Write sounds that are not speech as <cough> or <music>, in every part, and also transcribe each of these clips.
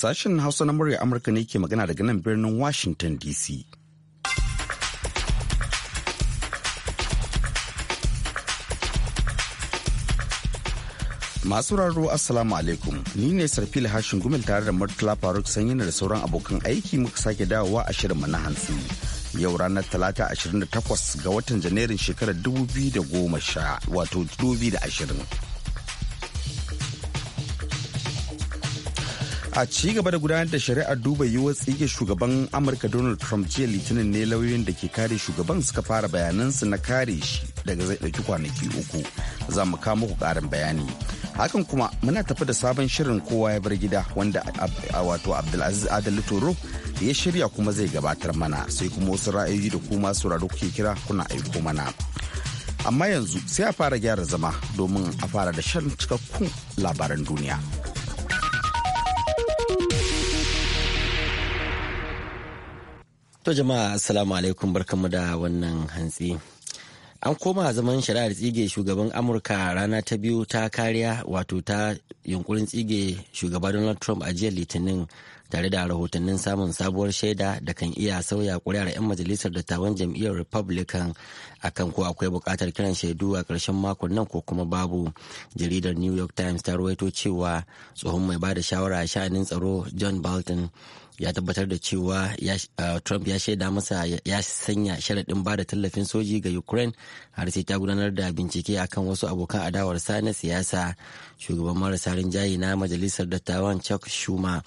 Sashen Hausa na murya Amurka ne ke magana daga nan birnin Washington DC. Masu raro Assalamu alaikum, ni ne Sarfil Hashin Gumel tare da Murtala Faruk Sanyina da sauran abokan aiki muka sake dawowa a shirinmu na hantsi. Yau ranar Talata 28 ga watan Janairun shekarar 2010 wato 2020. a ci gaba da gudanar da shari'ar duba yiwuwar tsige shugaban amurka donald trump jiya litinin ne lauyoyin da ke kare shugaban suka fara bayanansu na kare shi daga zai dauki kwanaki uku za mu kawo muku karin bayani hakan kuma muna tafi da sabon shirin kowa ya bar gida wanda wato abdulaziz adalu toro ya shirya kuma zai gabatar mana sai kuma wasu ra'ayoyi da kuma sauraro kuke kira kuna aiko mana amma yanzu sai a fara gyara zama domin a fara da shan cikakkun labaran duniya. To jama'a assalamu alaikum barkanmu da wannan hantsi. An koma zaman shari'ar tsige shugaban Amurka rana ta biyu ta kariya wato ta yunkurin tsige shugaba Donald Trump a jiya Litinin tare da rahotannin samun sabuwar shaida da kan iya sauya kuri'ar 'yan majalisar dattawan jam'iyyar Republican akan ko akwai buƙatar kiran shaidu a ƙarshen makon nan ko kuma babu. Jaridar New York Times ta rawaito cewa tsohon mai ba da shawara a sha'anin tsaro John Bolton ya tabbatar da cewa uh, trump ya shaida masa ya sanya sharaɗin ba da tallafin soji ga ukraine har sai ta gudanar da bincike akan wasu abokan adawarsa na siyasa shugaban marasa rinjaye na majalisar dattawan chuck schumer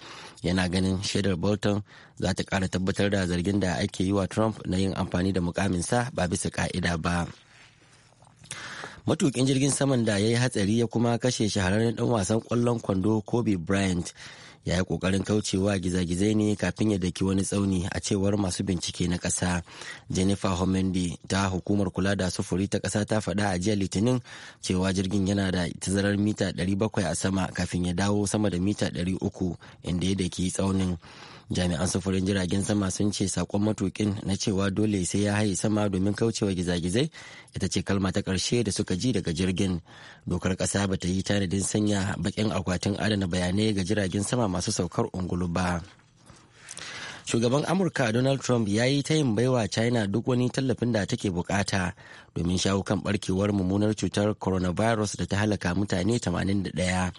yana ganin shaidar bolton za ta ƙara tabbatar da zargin da ake yi wa trump na yin amfani da mukaminsa ba bisa ka'ida ba matukin jirgin saman da ya yi hatsari ya kuma kashe shahararren dan wasan kwallon kwando kobe bryant ya yi kokarin kaucewa gizagizai ne kafin ya daki wani tsauni a cewar masu bincike na ƙasa jennifer homendi ta hukumar kula da sufuri ta ƙasa ta faɗa a jiya litinin cewa jirgin yana da tazarar mita 700 a sama kafin ya dawo sama da mita 300 inda ya daki tsaunin jami'an sufurin jiragen sama sun ce sakon matukin na cewa dole sai ya haye sama domin kaucewa gizagizai ita ce kalma ta ƙarshe da suka ji daga jirgin dokar ƙasa ba ta yi tanadin sanya bakin akwatin adana bayanai ga jiragen sama masu saukar ungulu ba shugaban amurka donald trump ya yi ta yin baiwa china duk wani tallafin da take bukata domin shawo kan barkewar mummunar cutar coronavirus da ta halaka mutane 81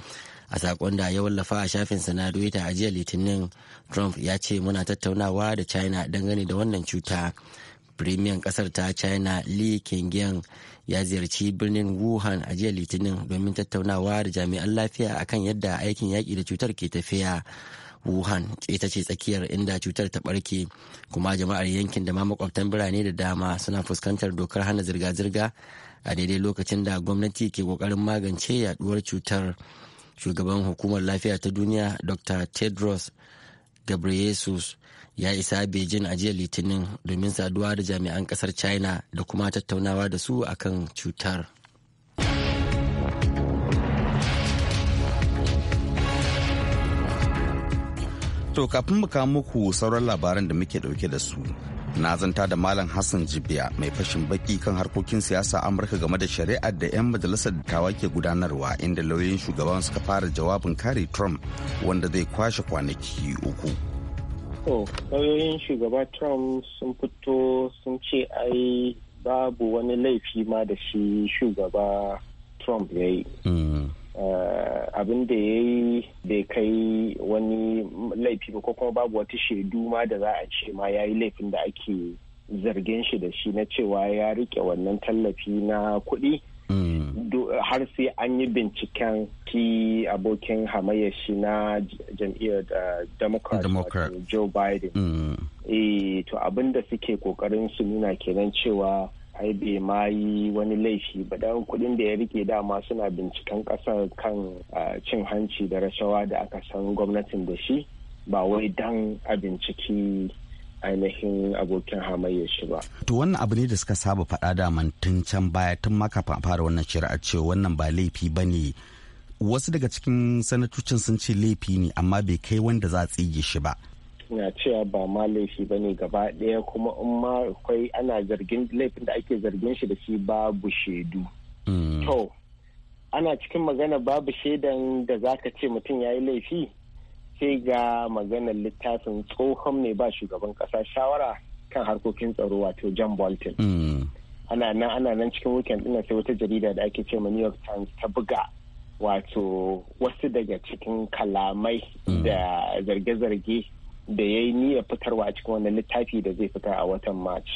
a sakon da ya wallafa a shafin na a jiya litinin trump ya ce muna tattaunawa da china dangane da wannan cuta firimiyan kasar ta china li kengyang ya ziyarci birnin wuhan a jiya litinin domin tattaunawa da jami'an lafiya akan yadda aikin yaki da cutar ke tafiya wuhan ita ce tsakiyar inda cutar ta barke kuma jama'ar yankin da ma makwabtan birane da dama suna fuskantar dokar hana zirga-zirga a daidai lokacin da gwamnati ke kokarin magance yaduwar cutar shugaban hukumar lafiya ta duniya dr tedros gabriyesus ya isa beijing a jiya litinin domin saduwa da jami'an kasar china da kuma tattaunawa da su akan cutar to kafin mu kawo muku sauran labaran da muke dauke da su na zanta da malam hassan jibiya mai fashin baki kan harkokin siyasa amurka game da shari'ar da 'yan majalisar dattawa ke gudanarwa inda lauyoyin shugaban suka fara jawabin kare trump wanda zai kwashe kwanaki uku lauyoyin shugaba trump sun fito sun ce ai babu wani laifi ma da shi shugaba trump ya yi mm. Eh, abin da ya yi bai kai wani laifi ba ko kuma babu wata shaidu ma da za a ce ma ya yi laifin da ake zargin shi da shi na cewa ya rike wannan tallafi na kuɗi hmm. har sai an yi binciken ki abokin hamayya shi na jam'iyyar eh, democrat joe biden hmm. eh, to abin da suke kokarin su nuna kenan cewa ai bai ma yi wani laifi ba dan kuɗin da ya rike dama suna binciken kasar kan cin hanci da rashawa da aka san gwamnatin da shi ba wai dan a binciki ainihin abokin hamayya shi ba. To wannan abu ne da suka saba faɗa da tun can baya tun maka fara wannan shari'a cewa wannan ba laifi ba ne wasu daga cikin sanatocin sun ce laifi ne amma bai kai wanda za a tsige shi ba na cewa ba ma laifi ba ne gaba ɗaya kuma in ma akwai ana zargin laifin da ake zargin shi da shi babu shaidu. Mm. To, ana cikin magana babu shaidan da za ka ce mutum ya yi laifi sai ga maganar littafin tsohon mai ba shugaban ƙasa shawara kan harkokin tsaro wato John Bolton. Mm. Ana nan ana nan cikin weekend ɗin sai wata jarida da ake ce ma New York Times ta buga wato wasu daga cikin kalamai mm. da zarge-zarge da ya yi niyyar fitarwa a cikin wannan littafi da zai fita a watan march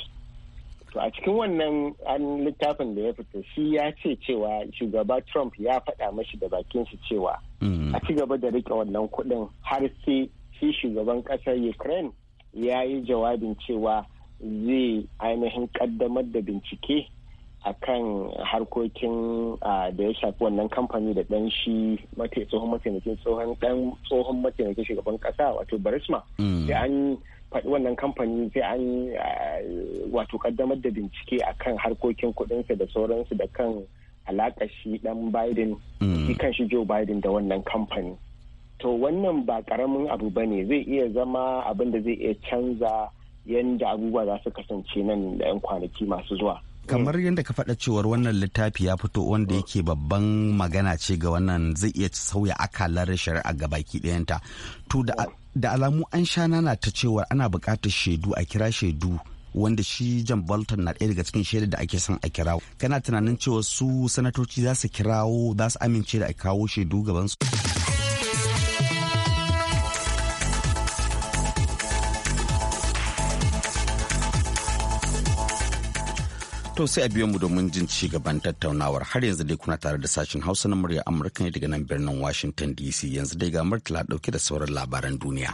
to a cikin wannan an littafin da ya fita shi ya ce cewa shugaba trump ya faɗa mashi da bakin shi cewa hmm. a ci gaba da rike wannan kuɗin har sai shi shugaban ƙasar ukraine ya yi jawabin cewa zai ainihin ƙaddamar da bincike a kan harkokin da ya shafi wannan kamfani da dan shi tsohon mataimakin tsohon dan tsohon mataimakin shugaban kasa wato barisma hmm. sai an faɗi wannan kamfani sai an wato kaddamar da bincike a kan harkokin kudinsa da sauransu da kan alaƙa shi dan biden hmm. shi kan shi joe biden da wannan kamfani to wannan ba karamin abu ba ne zai iya zama abin da zai iya canza yadda abubuwa za su kasance nan da 'yan kwanaki masu zuwa. kamar mm. yadda ka faɗa cewar wannan littafi ya fito wanda mm. yake babban magana ce ga wannan zai iya sauya akalar shari'a ga baki ɗayanta to da mm. alamu an sha nana ta cewar ana bukatar shaidu a kira shaidu wanda shi jan bolton na ɗaya daga cikin shaidar da ake son a kirawo kana tunanin cewa su sanatoci za su kirawo za su amince da a kawo shaidu gabansu To sai a biyo mu domin jin ci gaban tattaunawar har yanzu dai kuna tare da sashen Hausa na murya Amurka ne daga nan birnin Washington DC yanzu dai ga Murtala dauke da sauran labaran duniya.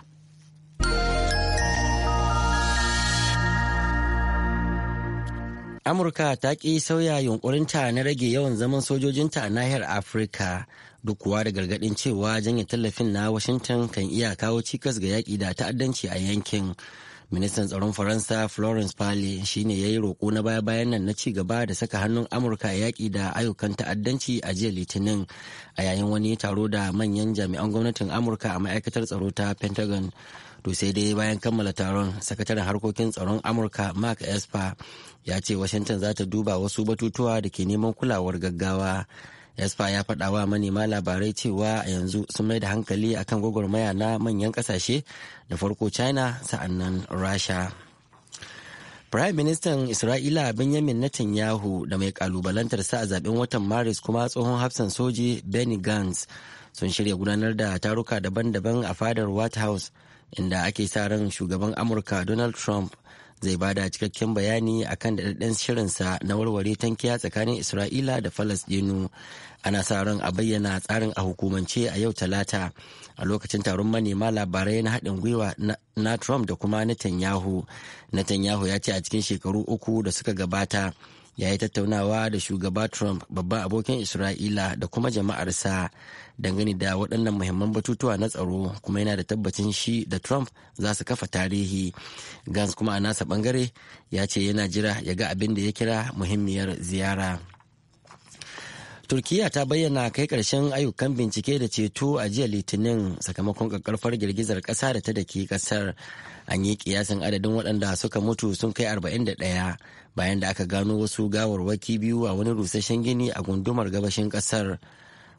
Amurka ta ki sauya yunkurinta na rage yawan zaman sojojinta a nahiyar Afirka duk kuwa da gargadin cewa janye tallafin na Washington kan iya kawo cikas ga yaƙi da ta'addanci a yankin. ministan tsaron faransa florence parley shine ya yi roƙo na baya-bayan nan na ci gaba da saka hannun amurka a yaƙi da ayyukan ta'addanci a jiya litinin a yayin wani taro da manyan jami'an gwamnatin amurka a ma'aikatar tsaro ta pentagon to sai dai bayan kammala taron sakataren harkokin tsaron amurka mark esper ya ce washington za ta duba wasu batutuwa da ke neman kulawar gaggawa Yasfa ya faɗa wa manema labarai cewa a yanzu sun mai da hankali akan gwagwarmaya na manyan ƙasashe da farko China sa'annan Rasha. Prime Ministan Isra'ila Benjamin Netanyahu da mai kalubalantarsa a zaben watan Maris kuma tsohon hafsan soji Benny Gantz sun shirya gudanar da taruka daban-daban a fadar White House inda ake sa ran shugaban Amurka Donald Trump zai bada cikakken bayani akan daɗaɗɗen shirinsa na warware tankiya tsakanin isra'ila da Falasɗinu. ana sa ran a bayyana tsarin a hukumance a yau talata a lokacin taron manema labarai na haɗin gwiwa na trump da kuma netanyahu netanyahu ya ce a cikin shekaru uku da suka gabata ya yi tattaunawa da shugaba trump babban abokin isra'ila da kuma jama'arsa dangane da waɗannan muhimman batutuwa na tsaro kuma yana da tabbacin shi da trump za su kafa tarihi gans kuma a nasa bangare ya ce yana jira ya ga abin da ya kira muhimmiyar ziyara turkiya ta bayyana kai ƙarshen ayyukan bincike da ceto a jiya litinin sakamakon kakkarfar girgizar ƙasa da ta daki ƙasar an yi kiyasin adadin waɗanda suka mutu sun kai 41 bayan da aka gano wasu gawarwaki biyu a wani rusasshen gini a gundumar gabashin ƙasar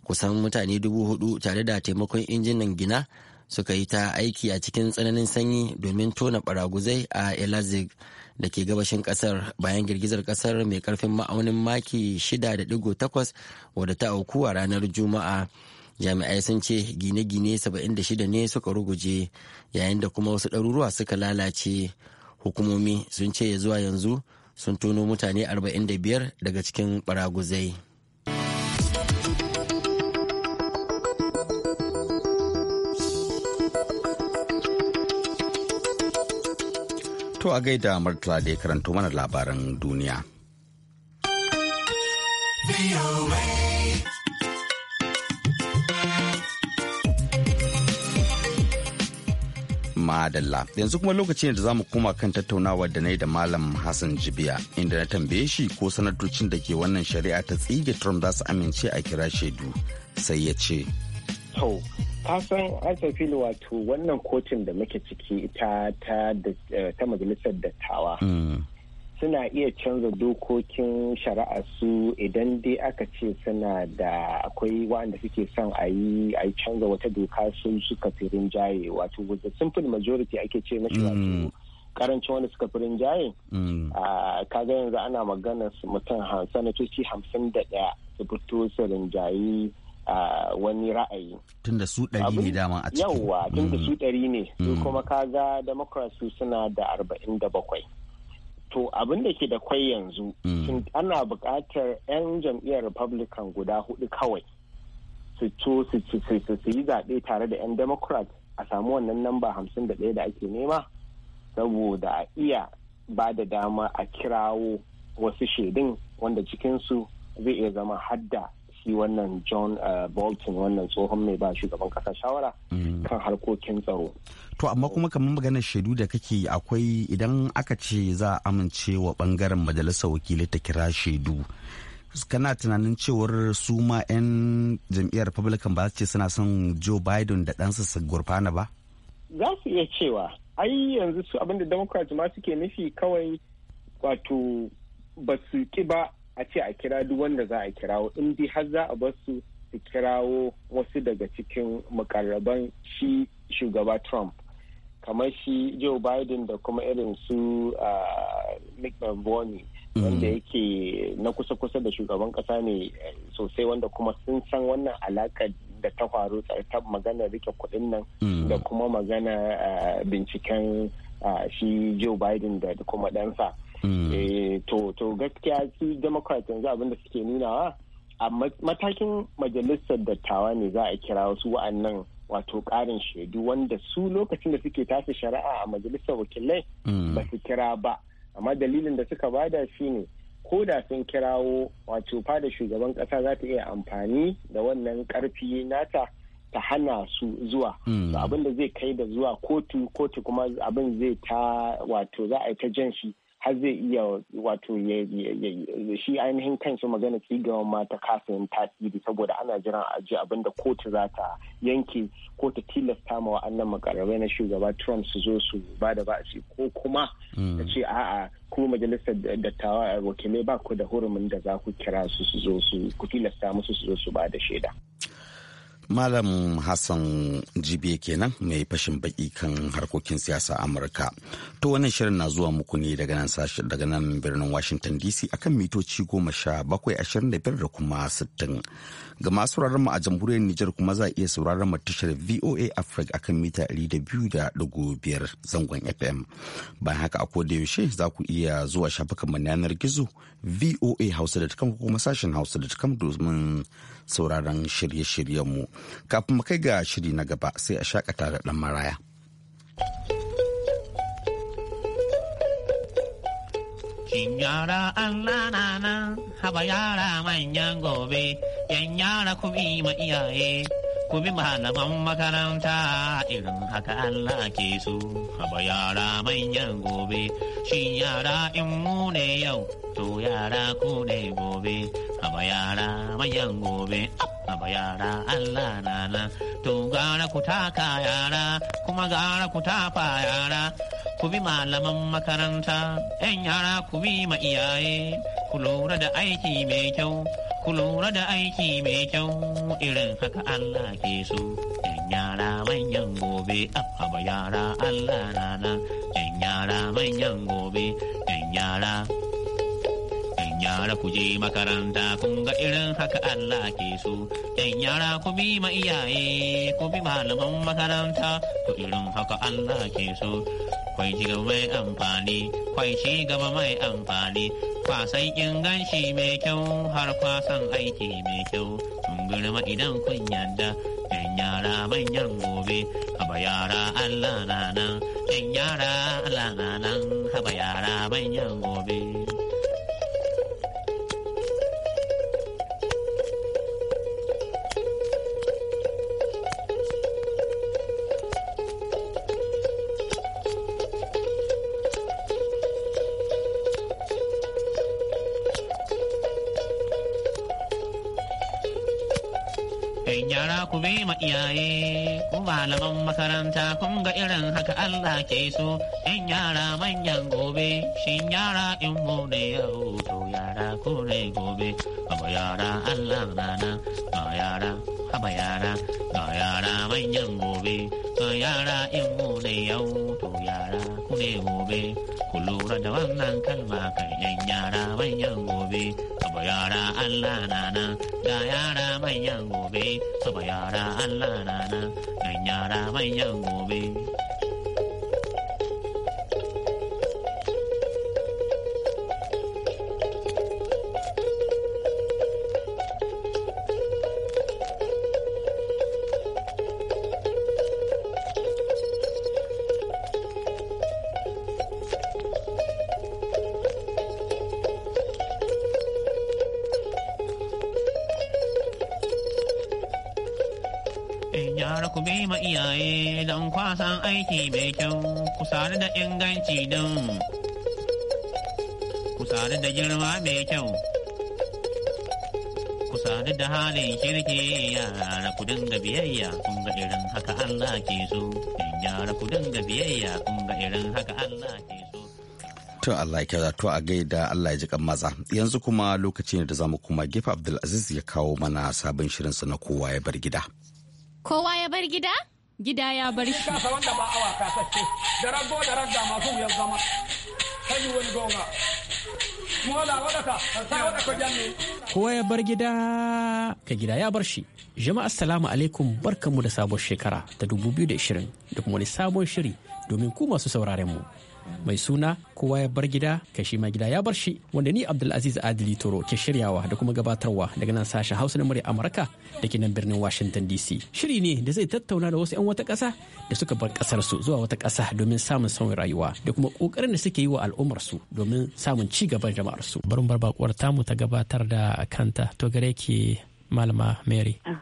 kusan mutane dubu hudu tare da taimakon injinan gina suka yi ta aiki a cikin tsananin sanyi domin tona baraguzai a elazig da ke gabashin kasar bayan girgizar kasar mai karfin ma'aunin maki 6.8 wadda ta auku a ranar juma'a jami'ai sun ce gine-gine 76 ne suka ruguje yayin da kuma wasu ɗaruruwa suka lalace hukumomi sun ce ya zuwa yanzu sun tono mutane 45 daga cikin baraguzai. To a gaida martala da ya karanto mana labaran duniya. Madalla yanzu kuma lokaci ne da za mu koma kan tattaunawa da na yi da Malam Hassan Jibiya inda na tambaye shi ko sanatocin da ke wannan shari'a ta tsige Trump za su amince a kira shaidu sai ya ce. to kasan asafil wato wannan kotun da muke ciki ita ta eh, majalisar dattawa mm. suna iya canza dokokin shari'a su idan dai aka ce suna da akwai waɗanda suke son a yi a canza wata doka su suka fi rinjaye wato with the simple majority ake ce mashi wato mm. karancin wanda suka fi rinjaye mm. kaga yanzu ana magana mutum sanatoci hamsin da ɗaya su fito su rinjaye wani ra'ayi. Tun da su ɗari ne dama a cikin. Yawwa tun da su mm. ɗari ne, su mm. kuma ga Democrats suna da arba'in da bakwai. To abin da ke da kwai yanzu, mm. ana buƙatar 'yan jam'iyyar Republican guda hudu kawai su to su yi zaɓe tare da 'yan Democrat a samu wannan namba hamsin da ɗaya da ake nema, saboda a iya ba da dama a kirawo wasu shaidun wanda cikinsu zai iya zama hadda shi wannan john uh, bolton wannan tsohon mai ba shugaban kasa shawara mm. kan harkokin tsaro to amma kuma kamar maganar shaidu da kake akwai idan aka ce za a amince wa bangaren majalisar wakilai ta kira shaidu kana tunanin cewar su ma 'yan jam'iyyar republican ba ce suna son joe biden da ɗansa su gurfana ba za su iya cewa ai yanzu su abinda democrats ma suke nufi kawai wato ba su ki ba a ce a kira duk wanda za a kirawo in dai har za a bar su su kirawo wasu daga cikin mukarraban shi shugaba trump kamar shi joe biden da kuma irin su nick mulvaney mm. wanda yake na kusa-kusa da shugaban kasa ne eh, sosai wanda kuma sun san wannan alaƙar da ta faru ta magana rike kudin nan mm. da kuma magana eh, binciken eh, shi joe biden da kuma ɗansa Mm. Eh, to gaskiya su democrats yanzu abin da suke nunawa a matakin majalisar dattawa ne za a kira wasu wa'annan wato karin shaidu wanda su lokacin da suke tafi shari'a a majalisar wakilai mm. ba su kira ba amma dalilin da suka bada ne ko da sun kirawo wato fada shugaban kasa za ta iya amfani da wannan karfi nata ta hana su zuwa mm. abin da zai kai da zuwa kotu kotu kuma abin zai ta wato za a yi ta jan shi har zai iya wato shi ainihin kansu magana tsigawan mata ta kasa yin tasiri saboda ana jiran a ji abin da kotu za ta yanke ko ta tilasta ma wa'annan makarabai na shugaba trump su zo su ba da ba'asi ko kuma ta hmm. ce a'a ku majalisar dattawa a wakilai ba ku da hurumin da za ku kira su su zo su ku tilasta musu su zo su ba da shaida. Malam Hassan Jibe kenan mai fashin baki kan harkokin siyasa Amurka. To wannan shirin na zuwa muku ne daga nan daga nan birnin Washington DC akan mitoci goma sha bakwai ashirin da biyar da kuma sittin. Ga masu mu a jamhuriyar Nijar kuma za a iya sauraron mu tashar VOA Africa akan mita ɗari da biyu da biyar zangon FM. Bayan haka a koda yaushe za ku iya zuwa shafukan mu na yanar gizo voa hausa da kuma sashen hausa da domin sauraron shirye-shiryenmu kafin mu kai ga shiri na gaba sai a shakata da ɗan maraya. Shin yara Allah na nan haba yara manyan gobe, yan yara ku bi ma iyaye, ku bi malaman makaranta irin haka Allah ke so. Haba yara manyan gobe, shin yara in mu ne yau, to yara ku ne gobe. aba ah, yara abayara Allah nana to gara ku taka yara kuma gara ku yara ku malaman makaranta yan yara ku bi ma iyaye kulura da aiki mai kyau kulura da aiki mai kyau irin haka Allah ke so yara manyan gobe aba ah, yara Allah nana yan yara manyan gobe yan yara yara ku je makaranta kun ga irin haka Allah ke so. Yan yara ku bi ma iyaye ku bi malaman makaranta ku irin haka Allah ke so. Kwai ci gaba mai amfani, kwai ci gaba mai amfani, kwasan inganci mai kyau har kwasan aiki mai kyau. Kun girma idan kun yadda, yan yara manyan gobe, haba yara Allah na nan, yan yara Allah na nan, haba yara manyan gobe. ku bi ma iyaye ku malaman makaranta kun ga irin haka Allah ke so in yara manyan gobe shin yara in mu ne yau to yara ku ne gobe haba yara Allah nana ga yara haba yara ga yara manyan gobe yara in mu ne yau to yara ku ne gobe ku lura da wannan kalma kan yan yara manyan gobe saba yara Allah nana ga yara manyan gobe saba yara Allah nana yan yara manyan gobe. aiki mai kyau kusari da inganci din kusari da girma mai kyau kusari da halin kirki yara ku dinga biyayya kun ga irin haka Allah ke so yara ku dinga biyayya kun ga irin haka Allah ke so Tun Allah ya kyauta to a gaida Allah ya ji kan maza yanzu kuma lokaci ne da zamu kuma gefe Abdulaziz ya kawo mana sabon shirinsa na kowa ya bar gida kowa ya bar gida gida ya bar shi kasa wanda ba kowa ya bar gida ka gida ya bar shi jama'a assalamu alaikum barkanmu da sabon shekara ta 2020 da kuma wani sabon shiri domin ku masu sauraren mu mai suna kowa ya bar gida ka shi ma gida ya bar shi wanda ni Abdulaziz Adili Toro ke shiryawa da kuma gabatarwa daga nan sashen Hausa na murya Amurka da ke nan birnin Washington DC. Shiri ne da zai tattauna da wasu 'yan wata ƙasa da suka bar ƙasar su zuwa wata ƙasa domin samun sauyin rayuwa da kuma ƙoƙarin da suke yi wa al'ummar su domin samun ci gaban jama'ar su. Barin bar bakuwar tamu ta gabatar da kanta to gare ki Malama Mary. Ah,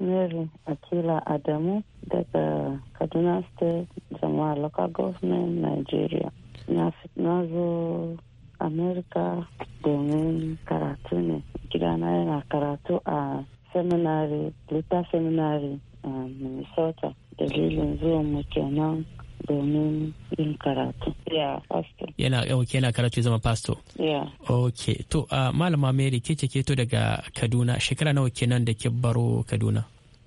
mary akila adamu daga kaduna state jama'a local government nigeria na zo america domin karatu ne gidana yana karatu a seminary luther seminary a minnesota dalilin zuwan mu kenan domin yin karatu. Yeah, pastor. Yana okay, yana karatu zama pastor. Yeah. Okay, to uh, malama Mary ke ce ke to daga Kaduna shekara nawa kenan da ke baro Kaduna?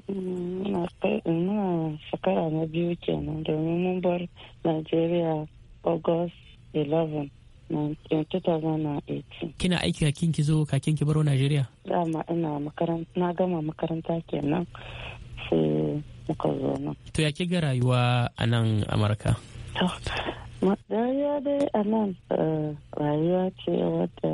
Mm, ina shekara na biyu kenan domin mun bar Nigeria August 11. 2018. Kina aiki kakin ki zo kakin ki baro Najeriya? Dama ina makaranta na gama makaranta kenan. sai muka zo nan. To ya ga rayuwa a nan Amurka? rayuwa dai a nan eh, rayuwa ce wadda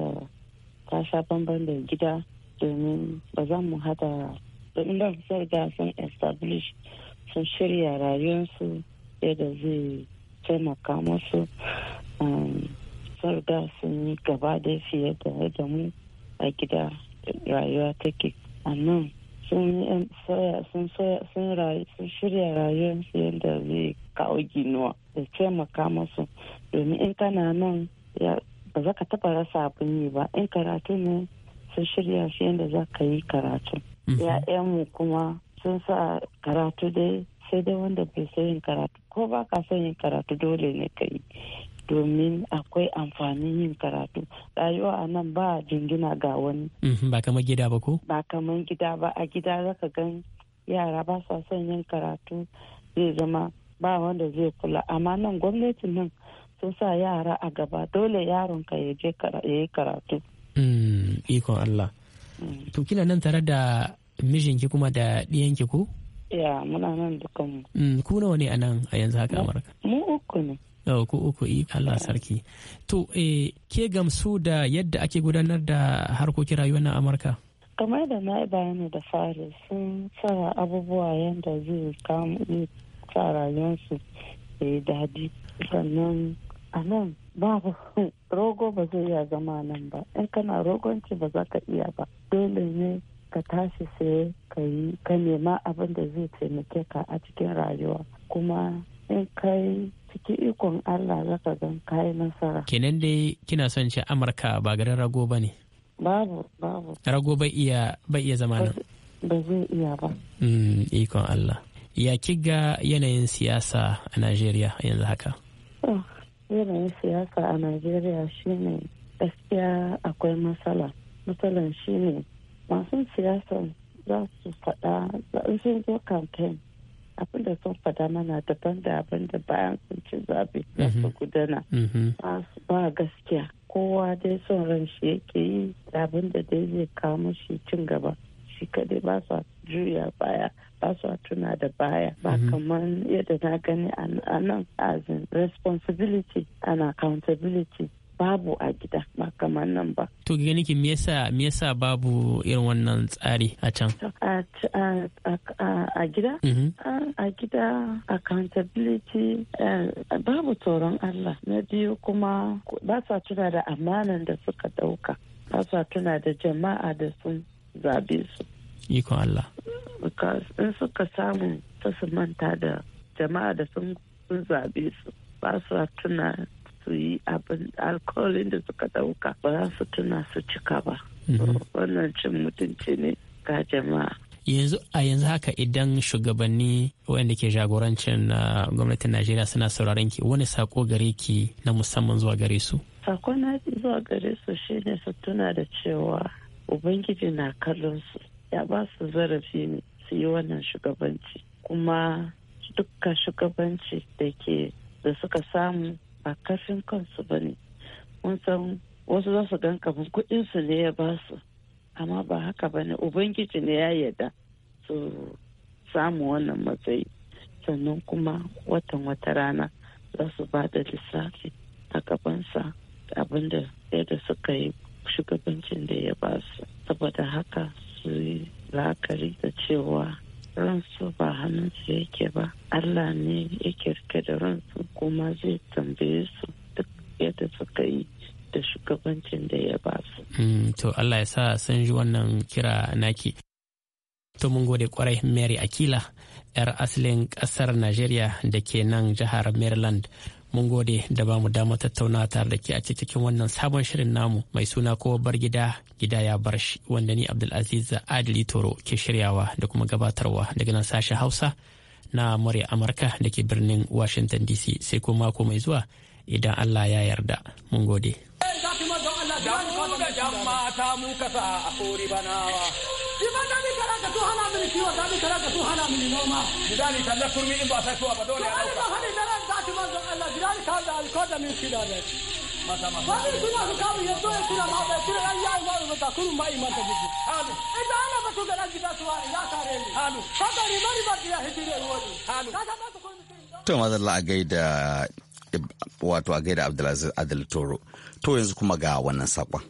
ta sha bamban da gida domin ba za mu hada domin da su sun establish sun shirya rayuwarsu yadda zai taimaka musu um, sarga sun yi gaba da fiye da mu a gida rayuwa take a nan sun soya sun sun shirya su yadda zai kawo ginuwa da taimaka masu domin in kana nan ba za ka taba rasa abin yi ba in karatu ne sun shirya shi yadda za ka yi karatu mhm. ya'yanmu kuma sun sa karatu dai sai dai wanda bai so yin karatu ko ba ka son yin karatu dole ne ka yi domin akwai amfanin yin karatu rayuwa a nan ba jingina ga wani mhm, ba kamar gida ba ko ba kamar gida ba a gida zaka gan yara ba sa son yin karatu zai zama ba wanda zai kula amma nan gwamnatin nan sun sa yara a gaba dole yaron ka ya je yi karatu mm, ikon Allah mm. to kina nan tare da mijinki kuma da ɗiyanki ko ya muna nan dukan mu mm, ku nawa ne a nan a yanzu haka amurka mu uku ne ko uku Allah sarki to eh, ke gamsu da yadda ake gudanar da harkokin rayuwa na Amurka kamar da na bayani da fari sun tsara abubuwa yadda zai kamu sa rayuwarsu ya yi daɗi sannan a nan babu <laughs> rogo ba zai iya zama nan ba in kana rogonci ba za ka iya ba dole ne ka tashi sai ka yi ka nema abin da zai taimake ka a cikin rayuwa kuma in kai cikin ikon Allah za ka gan kayan nasara. Kenan dai kina son shi Amurka ba garin rago ba ne? Babu, babu. Rago bai iya bai iya zama nan. Ba zai iya ba. Mm, ikon Allah. Ya kiga yanayin siyasa a Najeriya yanzu haka? Oh, yanayin siyasa a Najeriya ne gaskiya akwai matsala. Matsalan ne masu siyasa za su faɗa in sun zo campaign abin da sun fada mana daban da abin da bayan sun ci zabe za su mhm. gudana mhm. ba gaskiya kowa dai son ran shi yake yi abin da dai zai kawo shi cin gaba shi kadai ba su juya baya ba su tuna da baya ba mhm. kamar yadda na gani a nan as responsibility and accountability babu a gida ba kamar nan ba. To me yasa babu irin wannan tsari a can? A gida? Mm-hmm. A gida accountability eh, babu tsoron Allah. Na biyu kuma ba sa tuna da amanan da suka dauka. Ba sa tuna da jama'a da sun zabe su. Ikon Allah. in suka samu ta su manta da jama'a da sun zabe su. Ba sa tuna su yi abin alkoholin da suka dauka ba za su tuna su cika ba mhm. wannan cin mutunci ne ga jama'a yanzu a yanzu haka idan shugabanni waɗanda ke jagorancin uh, gwamnatin najeriya suna sauraron ki wani sako gare ki na musamman zuwa gare su sako na zuwa gare su shine su tuna da cewa ubangiji na kallon su ya ba su zarafi ne su yi wannan shugabanci kuma dukkan shugabanci da ke da suka samu ba karfin kansu ba ne mun san wasu za su gan kudin su ne ya ba su amma ba haka ba ne ubangiji ne ya yarda su samu wannan matsayi sannan kuma watan wata rana za su ba da lissafi a gabansa abinda da yadda suka yi shugabancin da ya ba su saboda haka su yi la'akari da cewa ransu ba hannun su yake ba allah ne ya kirke da ransu kuma zai tambaye su duk yadda suka yi da shugabancin da ya ba su. Hmm, to allah ya sa san ji wannan kira naki to mun gode kwarai mary akila 'yar asalin kasar najeriya da ke nan jihar maryland mun gode da ba mu damar tattauna tare da ke a cikin wannan sabon shirin namu mai suna kowa bar gida gida ya bar shi wanda ni abdulaziz adili toro ke shiryawa da kuma gabatarwa daga nan sashen hausa na murya amurka da ke birnin washington dc sai ko mako mai zuwa idan allah ya yarda mun gode. ka so hana mini kiwo ta bi ka so mini noma gidani in ba sai ba dole ya dauka hadi da ran zati manzon Allah gidani da alkoda min kida ne ba ni kuma su kawo ya so ya kira ma ba kira ran yayi ma ba ta kurmi ma iman ta ana ba to gida suwa ya kare ni halu ka da riba riba hijire ka ba to a gaida wato a gaida Abdulaziz Adil Toro to yanzu kuma ga wannan sakon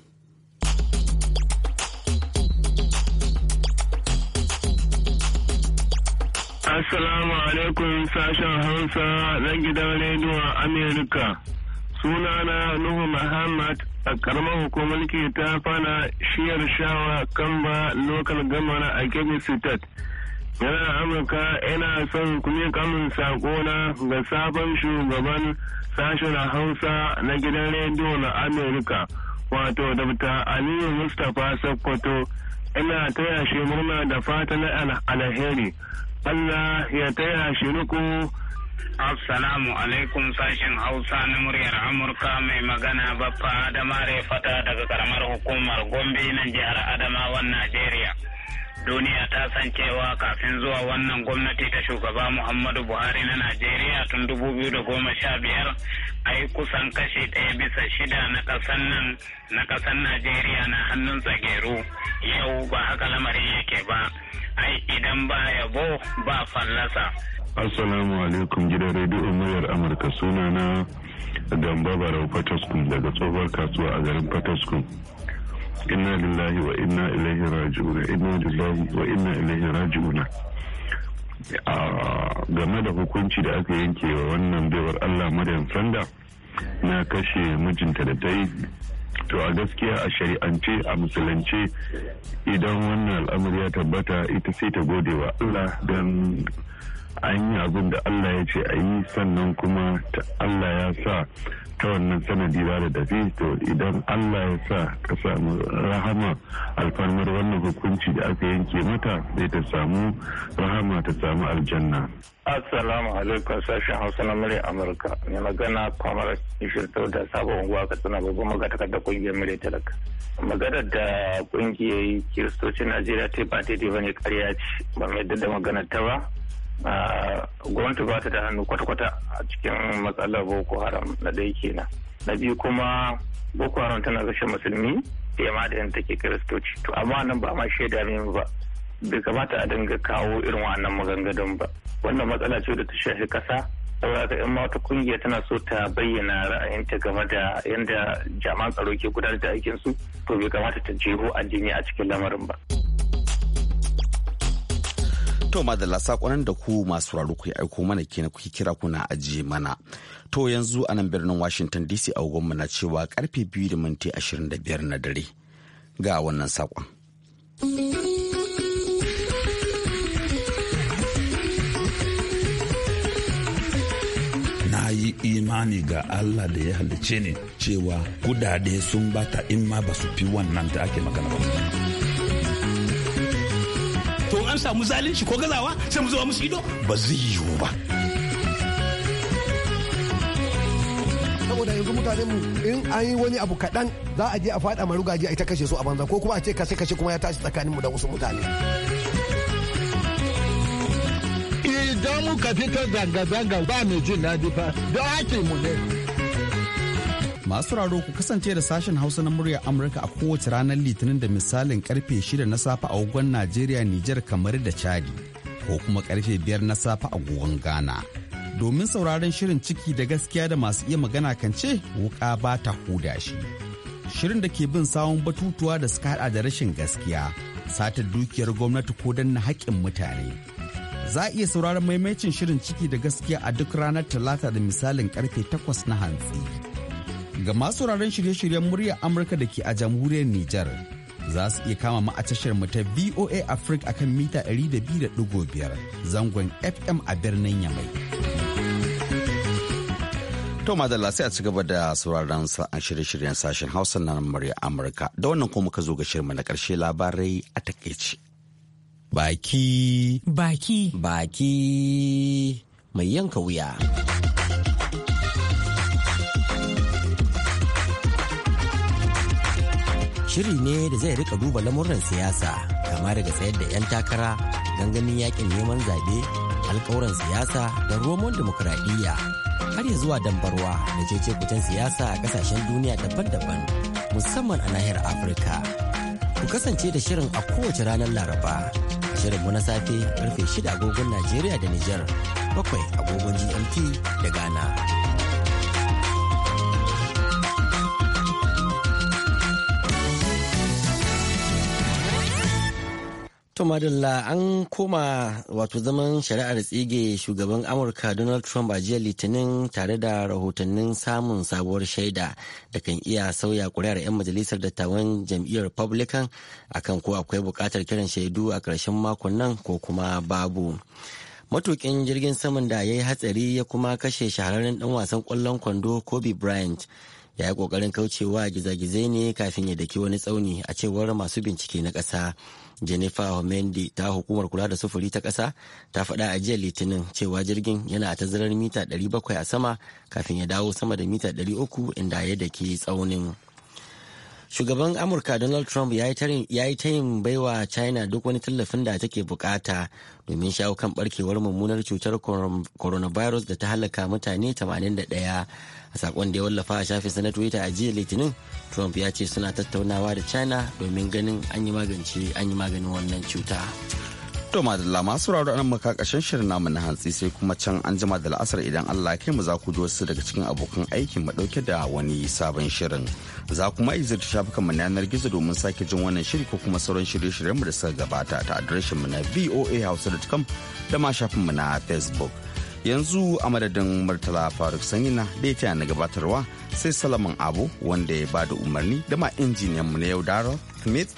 Assalamu alaikum sashen Hausa na gidan rediyon Amerika. Sunana Nuhu Muhammad a karamar hukumar ke ta fana shiyar shawa kamba lokal gamara a Kebbi State. Yana Amurka yana son kuma kamun sakona ga sabon shugaban sashen Hausa na gidan rediyo na Amerika. Wato, Dr. Aliyu Mustapha Sokoto. ina taya shi murna da fatan alheri Allah ya taya shi ruku. Assalamu alaikum sashen Hausa na muryar Amurka mai magana Baffa Adamare Fata daga karamar hukumar Gombe nan jihar Adamawan Najeriya. Duniya ta san cewa kafin zuwa wannan gwamnati ta shugaba Muhammadu Buhari na Najeriya tun dubu biyu da goma sha biyar Ai kusan kashe ɗaya bisa shida na ƙasar nan na ƙasar Najeriya na hannun tsageru yau ba haka lamarin yake ba. ai idan ba yabo ba fallasa. Assalamu alaikum gidan rediyo muryar Amurka suna na Gamba Barau Fataskun daga tsohuwar kasuwa a garin Fataskun. Inna lillahi wa inna ilaihi raji'una inna lillahi wa inna ilaihi raji'una. game da hukunci da aka yanke wa wannan baiwar Allah Maryam Sanda na kashe mijinta da ta yi to a gaskiya a shari'ance a musulunce idan wannan al'amari ya tabbata ita sai ta gode wa Allah don an yi abin da Allah ya ce a yi sannan kuma Allah ya sa ta wannan sanadi ba da tafi to idan Allah ya sa ka samu rahama alfarmar wannan hukunci da aka yanke mata sai ta samu rahama ta samu aljanna. Assalamu alaikum sashen Hausa na murya Amurka mai magana kwamar shirto da sabon unguwa ka tana babu magatakar da kungiyar murya talaka. magana da kungiyar kiristocin Najeriya ta yi ba yi ba ne karya ce ba mai da magana ta ba gwamnati ba ta da hannu kwata-kwata a cikin matsalar boko haram na ɗaya kenan na biyu kuma boko haram tana kashe musulmi da da yan take kiristoci to amma nan ba ma shaida min ba bai kamata a dinga kawo irin wannan maganganun ba wannan matsala ce da ta shafi kasa saboda in ma wata kungiya tana so ta bayyana ra'ayinta game da yadda jami'an tsaro ke gudanar da aikinsu to bai kamata ta jeho addini a cikin lamarin ba. To madalla sakonan da ku masu raro ku aiko mana na kuke kira kuna ajiye mana. To yanzu a nan birnin Washington DC a mu na cewa karfe biyu da minti 25 na dare ga wannan sakon. Na yi imani ga Allah da ya halice ni cewa kudade sun bata in ma ba su fi wannan da ake magana ba. to an samu zalunci ko gazawa sai mu zo musu ido ba zai yiwu ba saboda yanzu mutanen mu in an yi wani abu kaɗan za a je a faɗa marugaji a ita kashe su a banza ko kuma a ce kashe kashe kuma ya tashi tsakanin mu da wasu mutane idan muka fitar zanga-zanga ba mai jin daɗi fa don haƙƙin mu ne Masu raro ku kasance da sashen Hausa na muryar Amurka a kowace ranar Litinin da misalin karfe shida na safe a agogon Najeriya, Nijar, kamar da Chadi, ko kuma karfe biyar na safe a gogon Ghana. Domin sauraron shirin ciki da gaskiya da masu iya magana kan ce wuka ba ta huda shi. Shirin da ke bin sawun batutuwa da suka hada da rashin gaskiya, satar dukiyar gwamnati ko danna haƙƙin mutane. Za a iya sauraron maimacin shirin ciki da gaskiya a duk ranar Talata da misalin karfe takwas na hantsi. Ga masu sauraron shirye-shiryen murya Amurka da ke a jamhuriyar Nijar za su iya kama mu a tashar mu ta VOA Africa akan mita 200.5 zangon FM a birnin Yamai. To madalla sai a ci gaba da sauraron sa'an shirye-shiryen sashen Hausa na murya Amurka da wannan kuma ka zo ga shirma na karshe labarai a takaici. Baki. Baki. Baki. Mai yanka wuya. shiri ne da zai rika duba lamuran siyasa kama daga tsayar da 'yan takara gangamin yakin neman zaɓe alkawuran siyasa da romon demokuraɗiyya har ya zuwa dambarwa da cece siyasa a kasashen duniya daban-daban musamman a nahiyar afirka ku kasance da shirin a kowace ranar laraba shirin mu na safe karfe shida agogon najeriya da Niger, bakwai agogon gmt da ghana To madalla an koma wato zaman shari'ar tsige shugaban Amurka Donald Trump a jiya Litinin tare da rahotannin samun sabuwar shaida da kan iya sauya kuri'ar 'yan majalisar dattawan jam'iyyar Republican akan ko akwai bukatar kiran shaidu a ƙarshen makon nan ko kuma babu. Matukin jirgin saman da ya yi hatsari ya kuma kashe shahararren dan wasan kwallon kwando Kobe Bryant ya yi kokarin kaucewa gizagizai ne kafin ya daki wani tsauni a cewar masu bincike na ƙasa. jennifer homendi ta hukumar kula da sufuri ta ƙasa ta faɗa a jiya litinin cewa jirgin yana a tazarar mita 700 a sama kafin ya dawo sama da mita 300 inda ya dake tsaunin shugaban amurka donald trump ya yi tayin baiwa china duk wani tallafin da take bukata domin shawo kan barkewar mummunar cutar coronavirus da ta halaka mutane 81 sakon da ya wallafa a shafinsa na twitter a jiya litinin trump ya ce suna tattaunawa da china domin ganin an yi magance an yi maganin wannan cuta to madalla masu rawar nan muka kashin shirin namu na hantsi sai kuma can an jima da la'asar idan allah kai mu za ku ji wasu daga cikin abokan aikin mu dauke da wani sabon shirin za kuma ta shafukan mu na yanar gizo domin sake jin wannan shiri ko kuma sauran shirye-shiryen mu da suka gabata ta adireshin mu na voahausa.com da ma shafin mu na facebook yanzu a madadin murtala faruk sanyina da ya na gabatarwa sai salaman abu wanda ya bada umarni da ma injiniyan mu na yau daro smith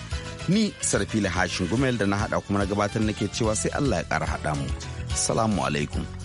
ni sarfila hashin gumel da na hada kuma na gabatar nake cewa sai allah ya kara hada mu salamu alaikum